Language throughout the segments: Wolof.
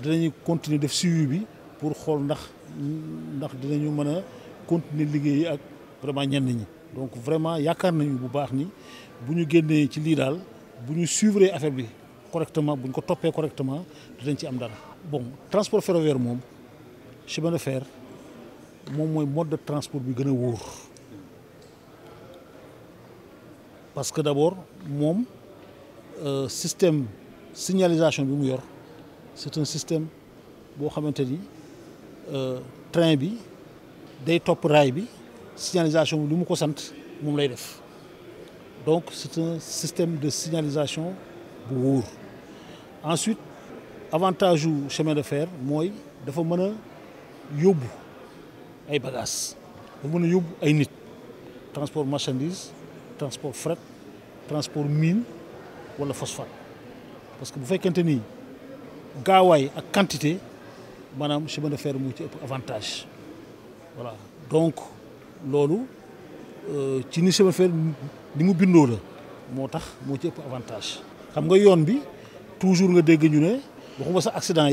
dinañu continuer def suivi bi pour xol ndax ndax dinañu mëna continuer liggéey ak vraiment ñenn ñi donc vraiment yaakaar nañu bu baax ni bu ñu génnee ci li dal bu ñu suivre affaire bi correctement buñ ko topé correctement dinañ ci am dara. bon transport ferroviaire mom chemin de fer moom mooy mode de transport bi gëna woor parce que d'abord mom euh système signalisation bi mu yor c'est un système bo xamanteni euh, train bi day top rail bi signalisation lu mu ko lay def donc c'est un système de signalisation bu ensuite avantage du chemin de fer moy dafa meuna a ay bagages dafa meuna a ay nit transport marchandise transport fret transport mine wala phosphate parce que bu fekkente nii gaawaay ak quantité manam chemin de fer mu ci avantage voilà donc loolu euh, ci ni chemin de fer ni mu bindo la motax ci avantage xam nga toujours nga dégg ñu accident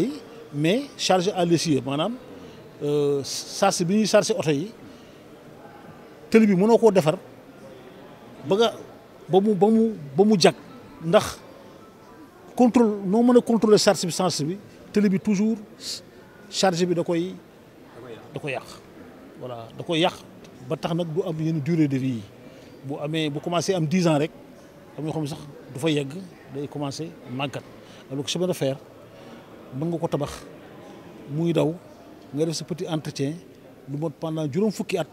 mais charge à l'essieu euh, bi yi bi defar ba ba mu ba mu contrôle noo mën a contrôler charge substance bi télé bi toujours charge bi da koy da koy yàq voilà da koy yàq ba tax nak du am yenn durée de vie bu amé bu commencé am 10 ans rek am ñoo xam sax du fa yegg day commencé magat alors que chemin de fer mën nga ko tabax muy daw nga def ce petit entretien du mot pendant juróom fukki at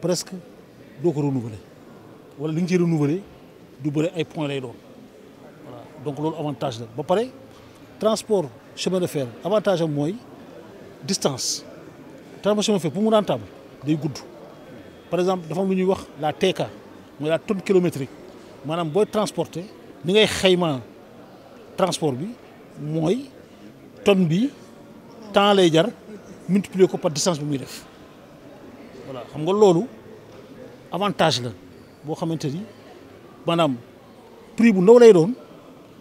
presque doo ko renouveler wala li nga renouveler du bëri ay points lay doon donc loolu avantage la ba pare transport chemin de fer avantage am distance transport chemin de fer pour mu rentable day gudd par exemple dafa am wax la TK mooy la tonne kilométrique maanaam booy transporter ni ngay xayma transport bi mooy tonne bi temps lay jar multiplier ko par distance bi muy def voilà xam nga loolu avantage la boo xamante ni prix bu ndaw lay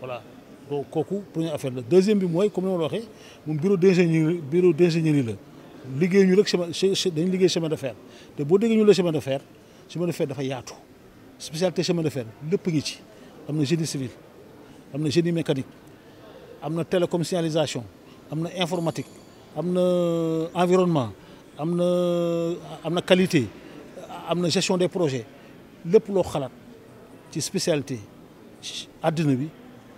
voilà donc Koku, première affaire deuxième bi mooy comme on la waxee mon bureau d'ingénierie bureau d'ingénierie là liggéey rek chemin dañu chemin de fer de boo déggee ñu la chemin de fer chemin de fer dafa yaatu spécialité chemin de fer le ngi ci génie civil am génie mécanique am télécom signalisation am informatique am euh, environnement am na qualité am gestion des projets lépp loo xalaat ci spécialité àddina bi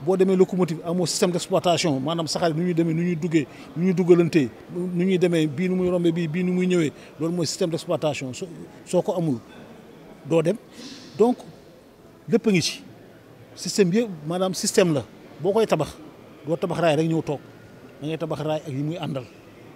boo demee locomotive mon système d'exploitation, madame nous nous nous nous nous ñuy nous nous nous des ñuy nous nous nous des locomotives, mon système d'exploitation. des donc le locomotives, système bien madame système la locomotives, tabax tabax rek ñëw locomotives, ngay tabax ak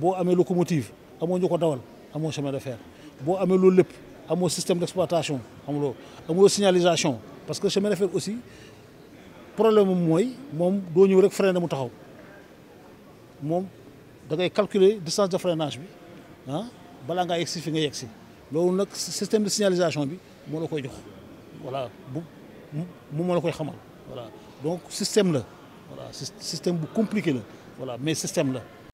bo amé locomotive amoo ñu ko dawal amoo chemin de fer bo amé loolu lepp amoo système d'exploitation amulo amuloo signalisation parce que chemin de fer aussi problème moy mom do ñu rek freiner mu taxaw mom da ngay calculer distance de freinage bi ah bala nga yegsi fi nga yegsi loolu nak système de signalisation bi mo la koy jox voilà bu mu mo la koy xamal voilà donc système la voilà système bu compliqué la voilà mais système la